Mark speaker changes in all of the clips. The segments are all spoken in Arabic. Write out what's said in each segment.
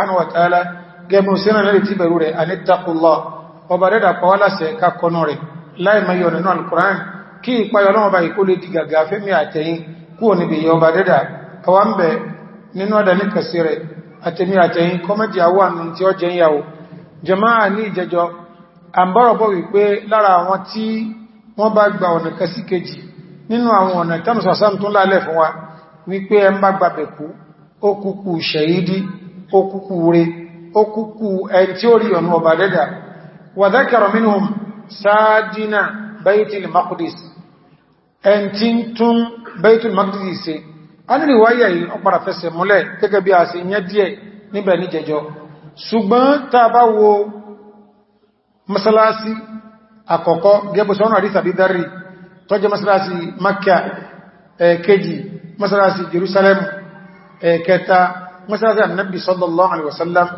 Speaker 1: subhanahu wa ta'ala gẹ́mù sínú rẹ̀ tí bẹ̀rù rẹ̀ anittaqullah ọba rẹ̀dà pàwálàṣẹ kakọ́nà rẹ̀ láì mayọ̀ nínú alkùnrin kí ìpayọ̀ náà bá ikú lè di gàgà fẹ́mí àtẹ̀yìn kúrò níbi yọ ọba rẹ̀dà àwọn bẹ̀ nínú ọdá ní kàsí rẹ̀ àtẹ̀mí àtẹ̀yìn kọmọ́dì àwọn tí ó jẹ́ ìyàwó jama'a ní ìjẹjọ́ àbọ̀rọ̀bọ̀ wípé lára àwọn tí wọ́n bá gba ọ̀nà kẹsí kejì nínú àwọn ọ̀nà tánù sàsán tún lálẹ̀ fún wa wípé ẹ okùkù okuku okùkù ẹni tí ó rí ọba dẹ́dà wà zákàrà minhum sáàdínà baitul maqdis ẹni tí ń tún baitul maqdis ṣe a ní ríwáyà yìí ọpàrà múlẹ̀ gẹ́gẹ́ wo masalasi gebu masalasi masalasi Jerusalem ẹ̀kẹta mọ́sánásí annabi sallallahu alaihi wasallam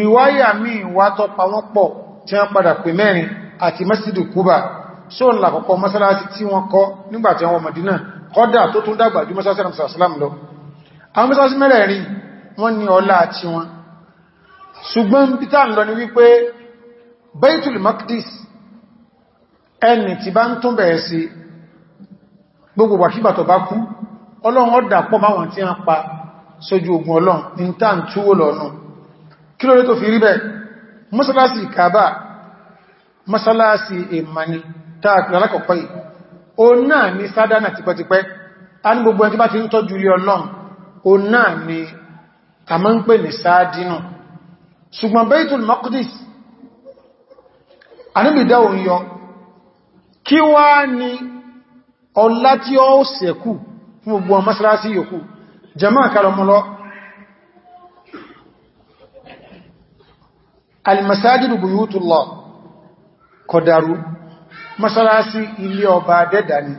Speaker 1: riwaya mi wá tó pàwọn pọ̀ tí wọ́n padà pè mẹ́rin àti masjidu kuba só lákọ̀ọ́kọ́ mọ́sánásí tí wọ́n kọ́ nígbàtí àwọn madina kọ́dà tó tún dàgbà ju mọ́sánásí annabi lọ àwọn mọ́sánásí mẹ́rẹ̀ẹ̀rin wọ́n ní ọlá àti wọn ṣùgbọ́n peter ń lọ ni wípé ọlọ́run ọ̀dà pọ̀ máwọn tí wọ́n pa sójú ogun ọlọ́run ní tàn túwò lọ́nà kí ló lé tó fi rí bẹ́ẹ̀ mọ́sálásì kàbà mọ́sálásì èmàní tààtì alákọ̀ọ́kọ́ yìí o náà ni sádánà tipẹ́tipẹ́ a ní gbogbo ẹni tí bá ti ń tọ́jú ilé ọlọ́run o náà ni a máa ń pè ní sáádínà ṣùgbọ́n Baitul Maqdis aníbìdá òyọ kí wá ni ọlá tí ó sẹ̀kù fún gbogbo mọ́sálásì yòókù jama karamọlọ almasajidu buyutullah kọdaru masalasi ilé ọba dẹ́dà ni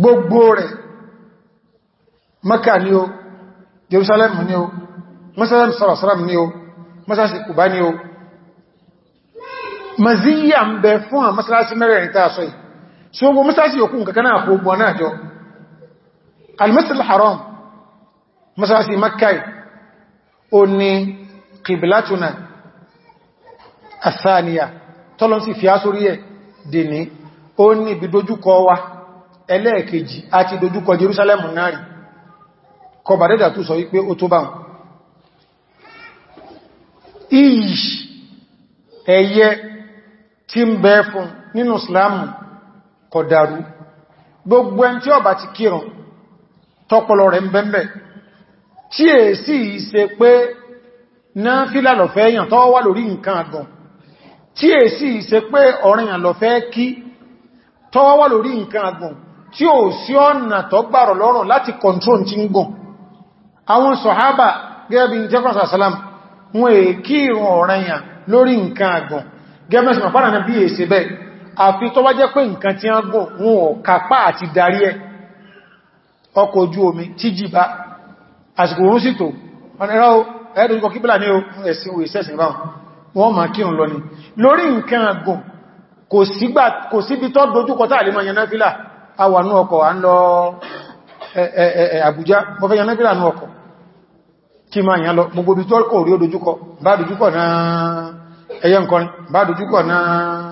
Speaker 1: gbogbo rẹ̀ maka ni o jerusalem ni o masalasi sarasaram ni o masalasi kuba ni o maziyya ń bẹ fún a masalasi mẹ́rẹ̀rin ta sọ so gbogbo mọ́sálásí yòókù nǹkan náà kó gbọ́ náà jọ al-masjid al-haram mọ́sálásí makkah ó ní qiblatuna athaniya tọ́lọ́n sì fi ásórí ẹ̀ dèní ó ní ibi dojúkọ wa ẹlẹ́ẹ̀kejì àti dojúkọ Jerusalem náà rí kọbàdẹ́dà tó sọ wípé ó tó bá wọn ìyí ẹ̀yẹ tí ń bẹ fún nínú islamu kọ̀dàrú gbogbo ẹn tí ó bá ti kíràn tọpọlọ rẹ̀ mbẹ̀mbẹ̀ tí è sì ṣe pé náà fílà lọ̀fẹ́ èyàn tó lórí nǹkan àgàn tí è sì ṣe pé ọ̀rin kí tó lórí nǹkan àgàn tí ó sí ọ̀nà tó gbàrọ̀ lọ́rùn láti kọ̀ntró àfi tó bá jẹ́ pé nǹkan tí a ń gùn wọn ò kápá àti darí ẹ ọkọ̀ ojú omi tí jì bá àsìkò orún sí tó ọ̀nà ẹ̀rọ ìkọ̀ kíbílà ní ẹ̀sìn ìṣẹ́sìn báwọn wọ́n ma kírùn lọ ni lórí nǹkan gùn kò síbi tó dojúkọ tàà lè mọ̀ yanáfílà àwànú ọkọ̀ à ń lọ Àbújá mo fẹ́ yanáfílà ní ẹyẹ nǹkan bá dojúkọ náà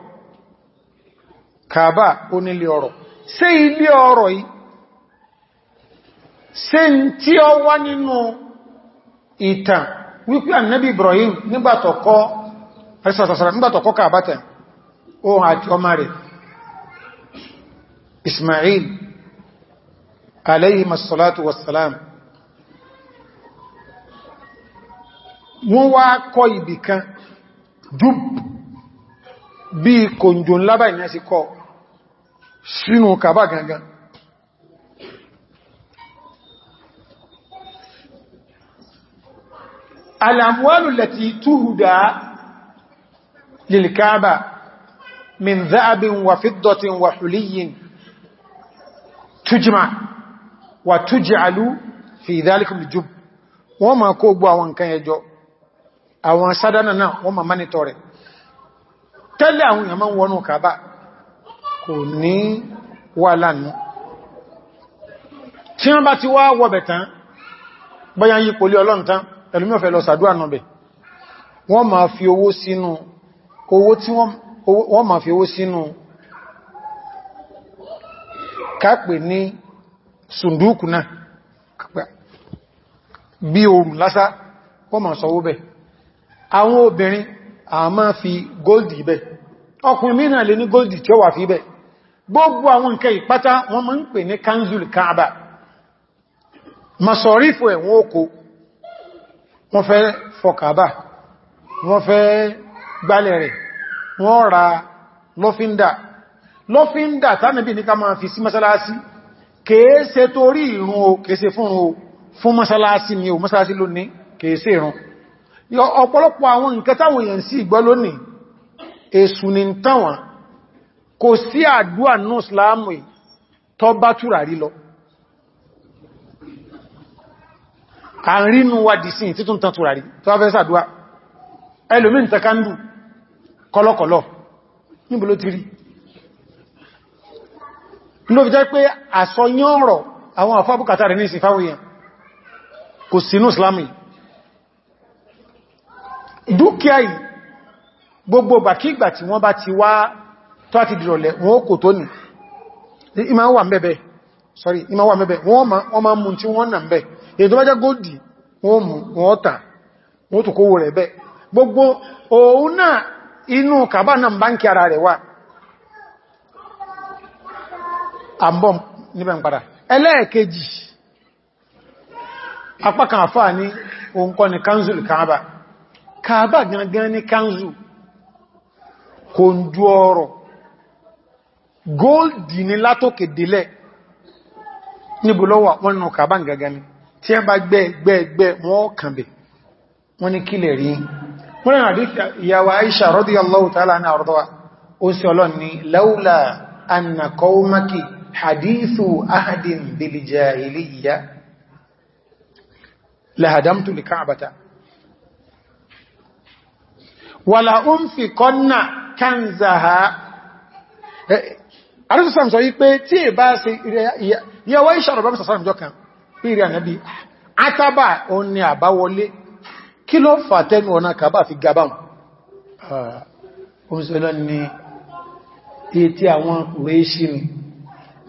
Speaker 1: kàbà onílé ọ̀rọ̀ ṣé ilé ọ̀rọ̀ yìí ṣé ń tí ọ wá nínú ìtàn wípé ànábì Ibrahim nígbàtọ̀kọ́ ẹ̀sàtàsàrà nígbàtọ̀kọ́ kàbátà ohun àti ọmọ rẹ̀ Ismail alayhi masalatu wassalam wọ́n wá kọ́ ibìkan dúb bí kòǹjò ńlábà ìyẹn sí kọ́ sínú kàbá gangan alàmúwàlù lati túhùdá lilkaba min záàbin wa fiddatin wa huliyin tujima wa tujialu fi dhalikum jub wọ́n ma kó gbọ́ àwọn nǹkan ẹjọ́ àwọn sádánà náà wọ́n ma mánitọ̀ rẹ̀ tẹ́lẹ̀ àwọn ìyàmán wọnú kàbá kò ní wà lánàá tí wọ́n bá ti wá wọ́bẹ̀ tán bọ́yá yí kò lé ọlọ́run tán ẹlùmí ọ̀fẹ́ lọ sàdúwà náà bẹ̀ wọ́n máa fi owó sínú owó ní sùndúkù náà bí oòrùn lásá wọ́n máa sọ owó bẹ̀ àwọn obìnrin a máa fi góòdì bẹ̀ ọkùnrin mìíràn lè ní góòdì tí ó wà fi bẹ̀ gbogbo àwọn nǹkan ìpátá wọ́n máa ń pè ní kanzul kaaba masọ̀rífò ẹ̀wọ̀n oko wọ́n fẹ́ fọ́ kaaba wọ́n fẹ́ gbálẹ̀ rẹ̀ wọ́n ra lọ́fíndà lọ́fíndà tánàbí ní ká máa fi sí masalasi kèése torí ìrun o kèése fúnrun o fún masalasi ni o masalasi lónìí kèése ìrun ọ̀pọ̀lọpọ̀ àwọn nǹkan táwọn èèyàn sí ìgbọ́ lónìí èsù ni táwọn kò sí àdúà ní ìsìláàmù tó bá tùràrí lọ àrínú wa dìsín títún tán tùràrí tó bá fẹ́ sàdúà ẹlòmí ń takándù kọlọkọlọ níbo ló ti rí ló fi jẹ́ pé àsọyán ọ̀rọ̀ àwọn àfábùkátà rẹ̀ ní ìsìn fáwíyàn kò gbogbo bàkígbà tí wọ́n bá ti wá tó àti dìrọ̀lẹ̀ wọ́n kò tó ní ìmá wà mẹ́bẹ̀ sorry ìmá wà mẹ́bẹ̀ wọ́n ma mú tí wọ́n nà mẹ́ èyí tó bá jẹ́ góòdì wọ́n mú wọ́n tà wọ́n tó kówó rẹ̀ bẹ́ gbogbo òun náà inú kàbá náà báńkì ara rẹ̀ wà góòlì ní látòkè délẹ̀ níbo lọ́wà wọ́n nù kàbá gaga ni tí ẹ bá gbẹ́ gbẹ́ gbẹ́ wọ́n kànbẹ̀ wọ́n ní kílẹ̀ rí wọ́n rìn àdíkì ìyàwó Aisha radiyallahu ta'ala ní àrọ́dọ́wà ó sì ọlọ́n ni laula anna qawmaki hadithu ahadin bil àrísùsàm sọ wípé tí è bá ṣe ìyẹwọ́ ìṣàrọ̀ bábí sàṣàrọ̀ ìjọ kan pírí ànábí àtàbà òun ni àbáwọlé kí ló fà tẹ́nu ọ̀nà kàbà fi gabáhùn oúnjẹ́lọ́ ni ètí àwọn rèéṣì ni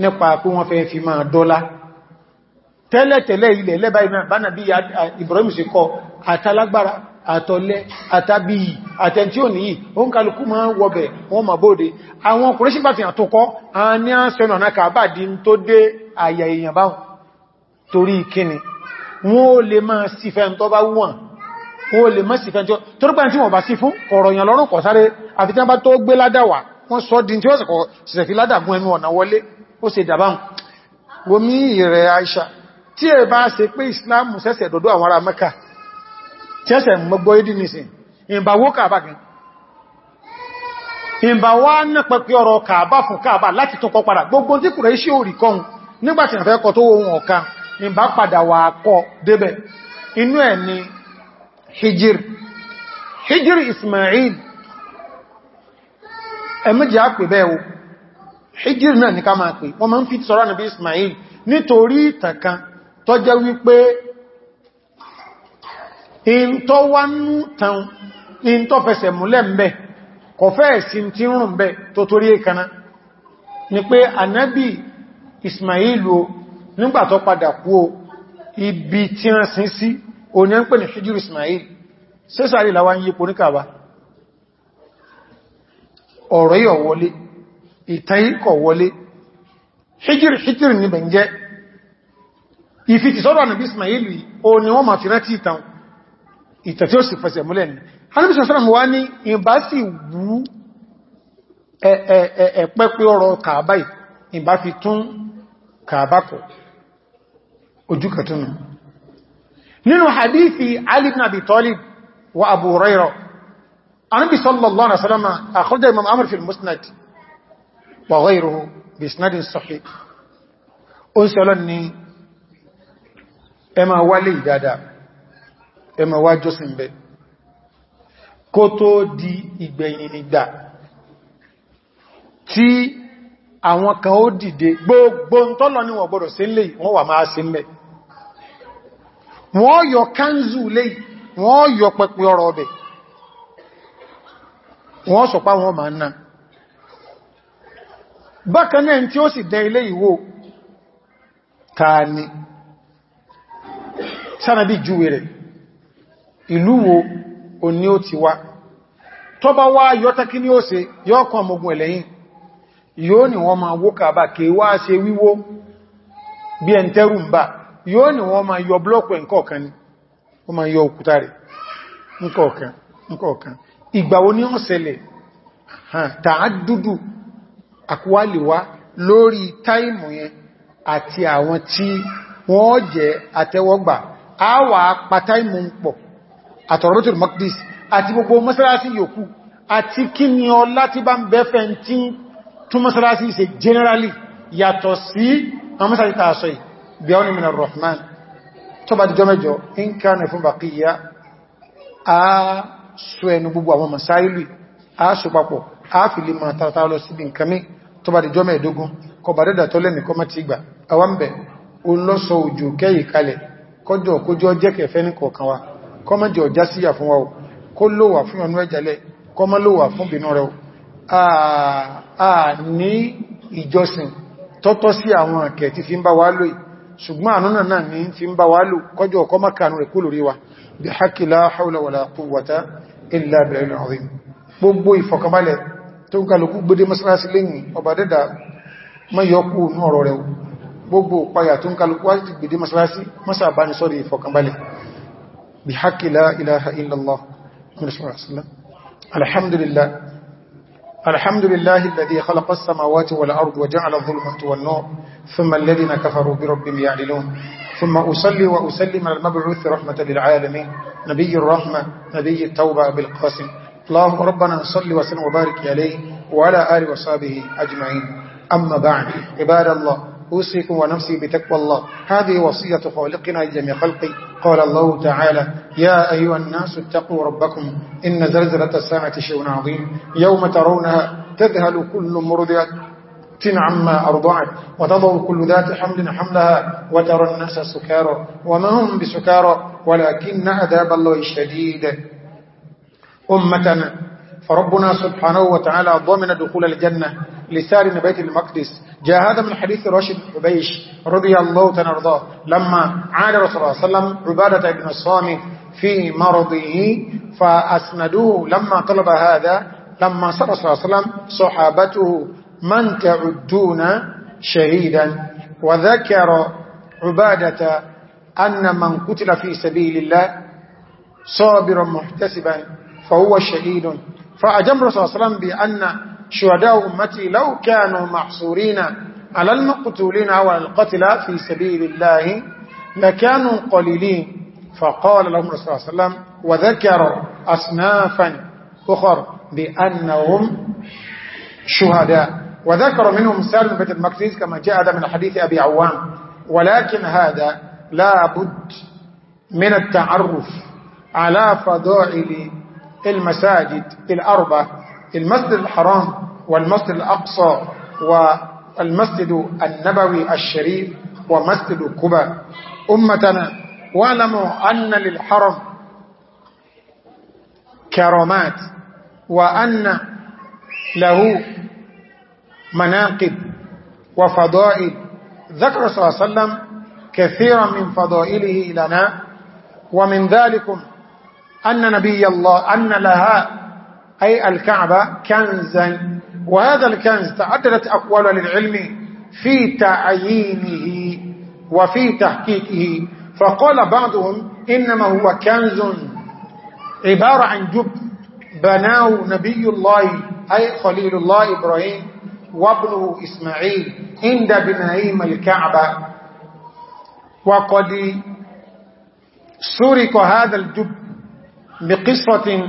Speaker 1: nípa pé wọ́n fẹ́ fi máa dọ́lá àtọ̀lẹ́ àtàbí àtẹntí ò níyì o ń kàlùkù máa ń wọbẹ̀ wọn ma bóòdé àwọn ọkùnrin sípàtì àtọ́kọ́ a ní à ń sẹ́nà náà kàbà dí tó dé àyà èèyàn báhùn torí kíni wọ́n ó lè máa sífẹ́ tó bá wọ́n wọ́n ó lè máa sífẹ́ tó rí pẹ́ntí wọ́n bá sí tí wọ́n bá se pé Islam sẹ́sẹ̀ dọ̀dọ̀ àwọn ará Mẹ́kà tí ẹsẹ̀ mọ́gbọ́ ìdí nìsìn ìbá wó kàbá gan ìbá wá náà pẹ̀pẹ̀ ọ̀rọ̀ kàbá fún kàbá láti tún gbogbo tí kùrẹ̀ iṣẹ́ orí nígbàtí ìrìnfẹ́ kọ tó ohun ọ̀ka ìbá padà wà kọ débẹ̀ inú ẹ̀ hijir ismail ẹmẹ́jì á pè bẹ́ẹ̀ o hijir náà ní ká máa pè in tó wá nú tán in tó fẹsẹ̀ múlẹ̀ mbẹ̀ kò fẹ́ sí tí ń rùn bẹ tó torí ẹkaná ni pé anábì Ismailu nígbà tó padà kú o ibi tí wọ́n sin sí òní ń pè ní ṣíjú Ismail sẹ́sàrí láwá ń yí po níkàwà ọ̀rọ̀ yọ wọlé ìtàí wọlé ṣíjìrì ṣíjìrì ní bẹ̀ń jẹ́ ìfìtìsọ́rọ̀ ànàbí Ismail o ni wọ́n ma fi rántí ìtàn ìtàn tí ó sì fẹsẹ̀ múlẹ̀ ní hannibalsalamu wá ní ìbá sì wú ẹ̀pẹ́ pé ọrọ̀ kàábà ìbá fi tún kàábà kọ̀ ojú kàtúnù nínú hadithi Ali ibn Abi Talib wa Abu Hurayra annabi sallallahu alaihi wasallam akhraja imam Ahmad musnad wa ghayruhu bi isnadin ó ń ni ẹ ma wálé ìdáadáa ẹmọ wá jọ́sìn bẹ kó tó di ìgbẹ̀yìn ìgbà tí àwọn kan ó dìde gbogbo tọ́lọ ní wọ́n gbọ́dọ̀ sí lè wọ́n wà máa sí mẹ́ wọ́n yọ kánzù lè wọ́n yọ pẹ̀pẹ̀ ọ̀rọ̀ ọbẹ̀ wọ́n sọpá wọn máa náà bákanáà tí ó sì dẹ ilé ìwò ta ni sánàbí júwe rẹ̀ ìlú wo o ní ó ti wá tó bá wá yọ́ta kí ní ó ṣe yọ́ kan ọmọgun ẹ̀lẹ́yìn yóò ní wọ́n máa wó kàbà kí wá ṣe wíwó bí ẹn tẹ́rù ń bà yóò ní wọ́n máa yọ blọ́ọ̀kù ẹ̀nkọ̀ọ̀kan ni wọ́n máa lórí táìmù yẹn àti àwọn tí wọ́n jẹ́ àtẹ́wọ́gbà á wà pa táìmù ń pọ̀ àtọ̀rọ̀tùl Maqdis àti gbogbo mọ́sálásí yòókù àti kí ni ọlá tí bá ń bẹ́fẹ́ tí tún mọ́sálásí ṣe generally yàtọ̀ sí mọ́sálásí tààsọ̀ bí ọ́nà mìíràn Rahman tó bá dìjọ mẹ́jọ in kánà fún bàkíyà a sọ a sọ papọ̀ a fi lè máa tààtà lọ sí bí nkàmí tó bá dìjọ mẹ́ẹ̀dógún kọ bà jẹ́kẹ̀ẹ́fẹ́ ní kọ̀ọ̀kan wa kọmọjẹ ọjá síyà fún wa kó lówà fún ọnú ẹjẹlẹ kọmọ lówà fún bínú rẹ a ní ìjọsìn tọ́tọ́ sí àwọn àkẹ́ tí fi ń bá wá lò ṣùgbọ́n ànúnà náà ní fi ń bá wá lò kọjọ ọkọ́ mọ́kànú rẹ̀ kó lórí wa bí haqqi la hawla wala quwwata illa billahil azim gbogbo ìfọ̀kànbalẹ̀ tó ń kàlùkú gbódé mọ́sánásí lẹ́yìn ọba dẹ́dà mọ́yọ́kú nú ọ̀rọ̀ rẹ̀ gbogbo ìpayà tó ń kàlùkú wá ti gbèdé mọ́sánásí mọ́sàbánisọ́rì ìfọ̀kànbalẹ̀ بحق لا إله إلا الله من صلى الله عليه وسلم الحمد لله الحمد لله الذي خلق السماوات والأرض وجعل الظلمة والنور ثم الذين كفروا بربهم يعللون ثم أصلي وأسلم على المبعوث رحمة للعالمين نبي الرحمة نبي التوبة بالقاسم اللهم ربنا صل وسلم وبارك عليه وعلى آله وصحبه أجمعين أما بعد عباد الله أوصيكم ونفسي بتقوى الله هذه وصية خالقنا لجميع خلقي قال الله تعالى يا أيها الناس اتقوا ربكم إن زلزلة الساعة شيء عظيم يوم ترونها تذهل كل مرضعة عما أرضعت وتضع كل ذات حمل حملها وترى الناس سكارا وما هم بسكارى ولكن أذاب الله الشديد أمتنا ربنا سبحانه وتعالى ضمن دخول الجنة لسار بيت المقدس جاء هذا من حديث راشد عبيش رضي الله تنرضاه لما عاد رسول الله صلى الله عليه وسلم عبادة بن الصامي في مرضه فأسندوه لما طلب هذا لما صلى الله عليه وسلم صحابته من تعدون شهيدا وذكر عبادة أن من قتل في سبيل الله صابرا محتسبا فهو شهيد فأجمر صلى الله عليه وسلم بأن شهداء أمتي لو كانوا محصورين على المقتولين أو على القتلى في سبيل الله لكانوا قليلين فقال لهم رسول الله صلى الله عليه وسلم وذكر أصنافا أخر بأنهم شهداء وذكر منهم سالم بن المكسيس كما جاء هذا من حديث أبي عوام ولكن هذا لا بد من التعرف على فضائل المساجد الأربع المسجد الحرام والمسجد الأقصى والمسجد النبوي الشريف ومسجد كبا أمتنا واعلموا أن للحرم كرامات وأن له مناقب وفضائل ذكر صلى الله عليه وسلم كثيرا من فضائله لنا ومن ذلكم أن نبي الله أن لها أي الكعبة كنزا وهذا الكنز تعددت أقوال للعلم في تعيينه وفي تحقيقه فقال بعضهم إنما هو كنز عبارة عن جب بناه نبي الله أي خليل الله إبراهيم وابنه إسماعيل عند بنايم الكعبة وقد سرق هذا الجب بقصة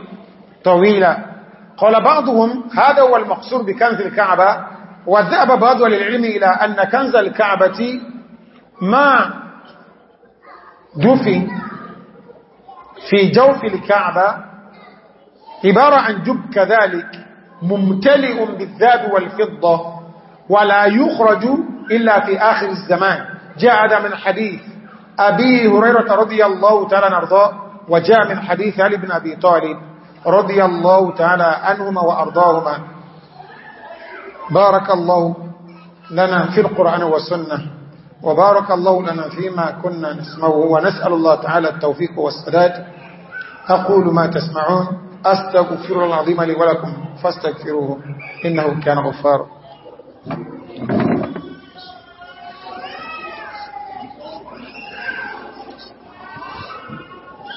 Speaker 1: طويلة قال بعضهم هذا هو المقصور بكنز الكعبة وذهب بعض للعلم إلى أن كنز الكعبة ما دفن في جوف الكعبة عبارة عن جب كذلك ممتلئ بالذاب والفضة ولا يخرج إلا في آخر الزمان جاء هذا من حديث أبي هريرة رضي الله تعالى نرضاه وجاء من حديث علي بن أبي طالب رضي الله تعالى عنهما وأرضاهما بارك الله لنا في القرآن والسنة وبارك الله لنا فيما كنا نسمعه ونسأل الله تعالى التوفيق والسداد أقول ما تسمعون أستغفر العظيم لي ولكم فاستغفروه إنه كان غفارا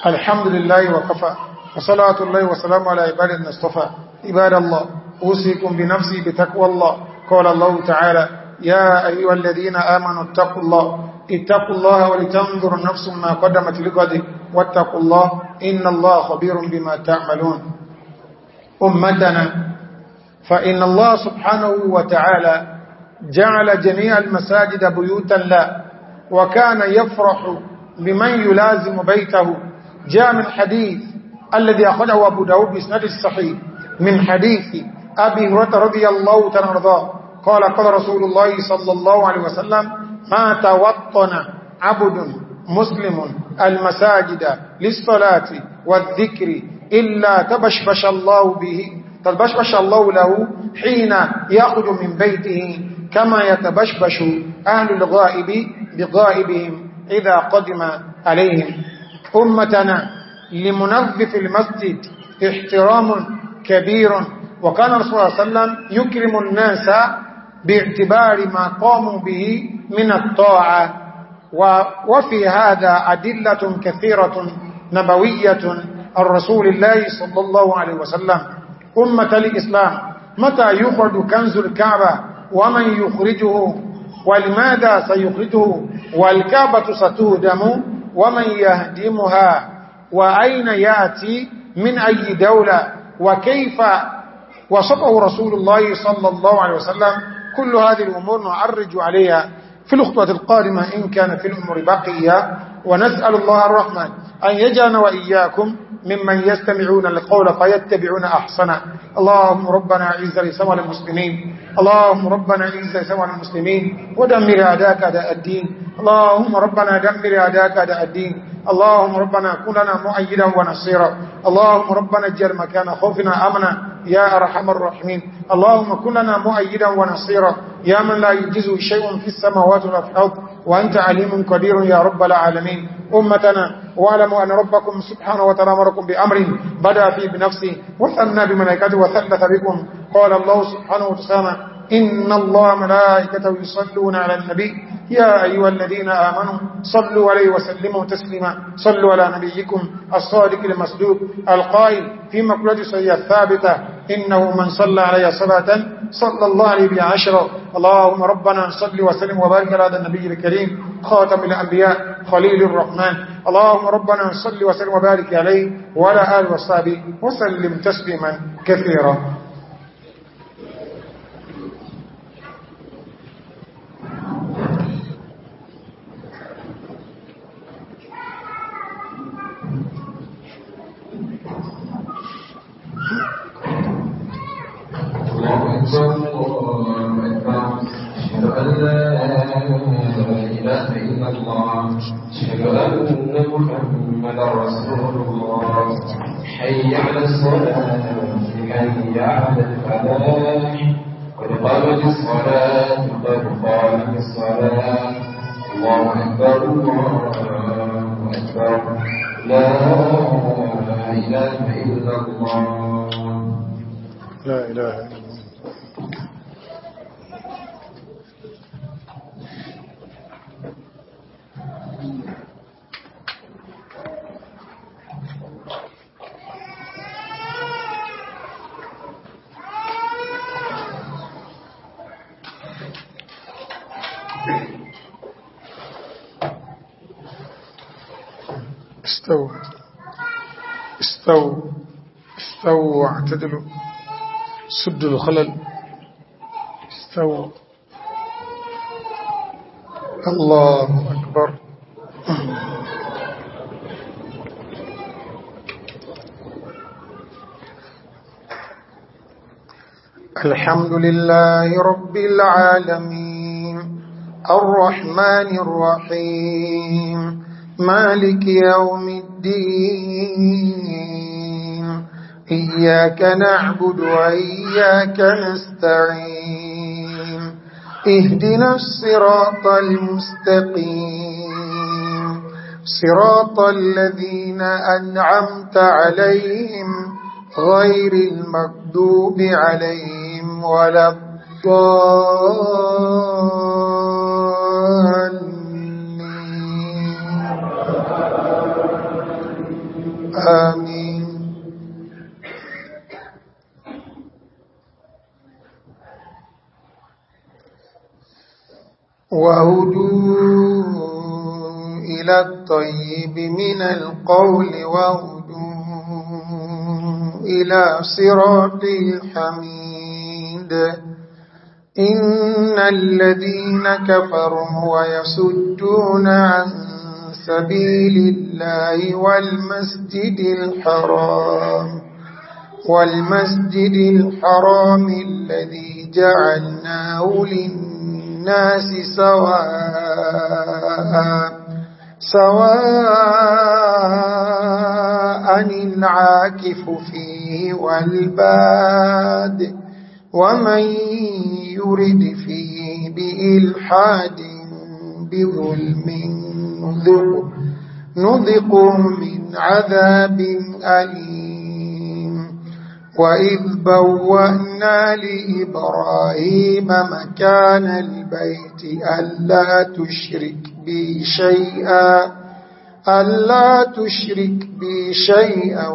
Speaker 1: الحمد لله وكفى وصلاة الله وسلام على عباد المصطفى عباد الله أوصيكم بنفسي بتقوى الله قال الله تعالى يا أيها الذين آمنوا اتقوا الله اتقوا الله ولتنظر نفس ما قدمت لقد واتقوا الله إن الله خبير بما تعملون أمتنا فإن الله سبحانه وتعالى جعل جميع المساجد بيوتا لا وكان يفرح بمن يلازم بيته جاء من حديث الذي أخذه أبو داود بإسناد الصحيح من حديث أبي هريرة رضي الله تنرضاه قال قال رسول الله صلى الله عليه وسلم ما توطن عبد مسلم المساجد للصلاة والذكر إلا تبشبش الله به تبشبش الله له حين يأخذ من بيته كما يتبشبش أهل الغائب بغائبهم إذا قدم عليهم أمتنا لمنظف المسجد احترام كبير وكان رسول الله صلى الله عليه وسلم يكرم الناس باعتبار ما قاموا به من الطاعة وفي هذا أدلة كثيرة نبوية الرسول الله صلى الله عليه وسلم أمة الإسلام متى يخرج كنز الكعبة ومن يخرجه ولماذا سيخرجه والكعبة ستهدم ومن يهدمها وأين يأتي من أي دولة وكيف وصفه رسول الله صلى الله عليه وسلم كل هذه الأمور نعرج عليها في الأخطوة القادمة إن كان في الأمور بقية ونسأل الله الرحمن أن يجعلنا وإياكم ممن يستمعون القول فيتبعون أحسنه اللهم ربنا عز لسوى المسلمين اللهم ربنا عز لسوى المسلمين ودمر أداك أداء الدين اللهم ربنا دمر أداك أداء الدين اللهم ربنا كن لنا مؤيدا ونصيرا اللهم ربنا اجعل مكان خوفنا امنا يا ارحم الراحمين اللهم كن لنا مؤيدا ونصيرا يا من لا يجزه شيء في السماوات ولا في الارض وانت عليم قدير يا رب العالمين أمتنا واعلموا أن ربكم سبحانه وتعالى امركم بأمر بدأ فيه بنفسه وثنى بملائكته وثبت بكم قال الله سبحانه وتعالى إن الله ملائكته يصلون على النبي يا أيها الذين آمنوا صلوا عليه وسلموا تسلما صلوا على نبيكم الصادق المسلوب القائل في مقلة سيئة الثابتة إنه من صلى علي صلاة صلى الله عليه بعشرة اللهم ربنا صل وسلم وبارك على هذا النبي الكريم خاتم الأنبياء خليل الرحمن اللهم ربنا صل وسلم وبارك عليه وعلى آل وصحبه وسلم تسليما كثيرا
Speaker 2: الله أكبر أشهد أن لا إله إلا الله أشهد أن محمدا رسول الله حي على الصلاة حي على الفلاح قد الصلاة قد الصلاة الله أكبر الله أكبر لا إله إلا الله لا إله إلا الله
Speaker 3: استوى استوى استوى واعتدلوا سدوا الخلل استوى الله أكبر الحمد لله رب العالمين الرحمن الرحيم مالك يوم الدين إياك نعبد وإياك نستعين اهدنا الصراط المستقيم صراط الذين أنعمت عليهم غير المكذوب عليهم ولا الضالين آمين وهدوا إلى الطيب من القول وهدوا إلى صراط الحميد إن الذين كفروا ويسدون عن سبيل الله والمسجد الحرام والمسجد الحرام الذي جعلناه للناس سواء سواء العاكف فيه والباد ومن يرد فيه بإلحاد بظلم نذق نذق من عذاب أليم وإذ بوأنا لإبراهيم مكان البيت ألا تشرك بي شيئا ألا تشرك بي شيئا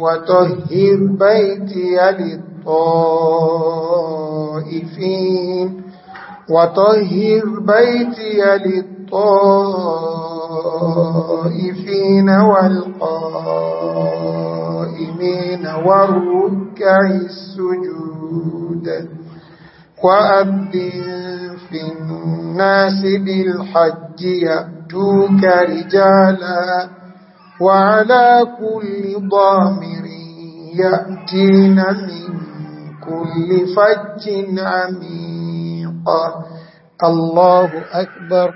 Speaker 3: وطهر بيتي للطائفين وطهر بيتي للطائفين والقائمين والركع السجود وأذن في الناس بالحج يأتوك رجالا وعلى كل ضامر يأتين من كل فج عميق الله أكبر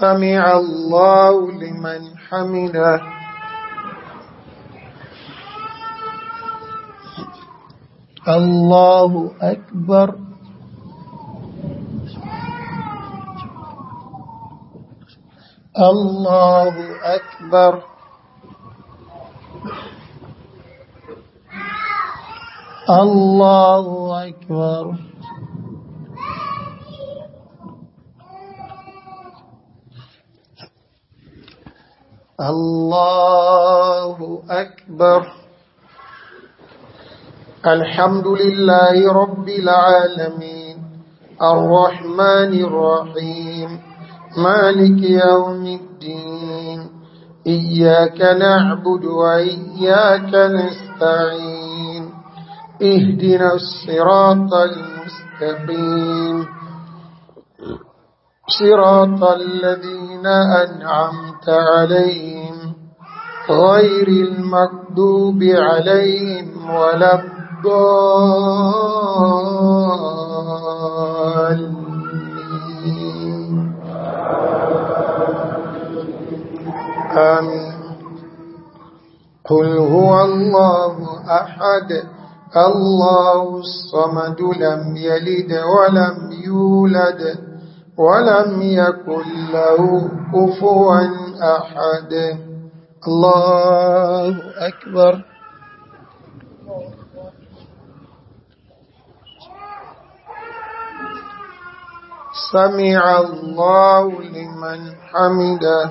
Speaker 3: سمع الله لمن حمده الله أكبر
Speaker 2: الله أكبر الله أكبر
Speaker 3: الله أكبر الحمد لله رب العالمين الرحمن الرحيم مالك يوم الدين إياك نعبد وإياك نستعين اهدنا الصراط المستقيم صراط الذين أنعمت عليهم غير المكذوب عليهم ولا الضالين آمين قل هو الله أحد الله الصمد لم يلد ولم يولد ولم يكن له كفوا أحد الله أكبر سمع الله لمن حمده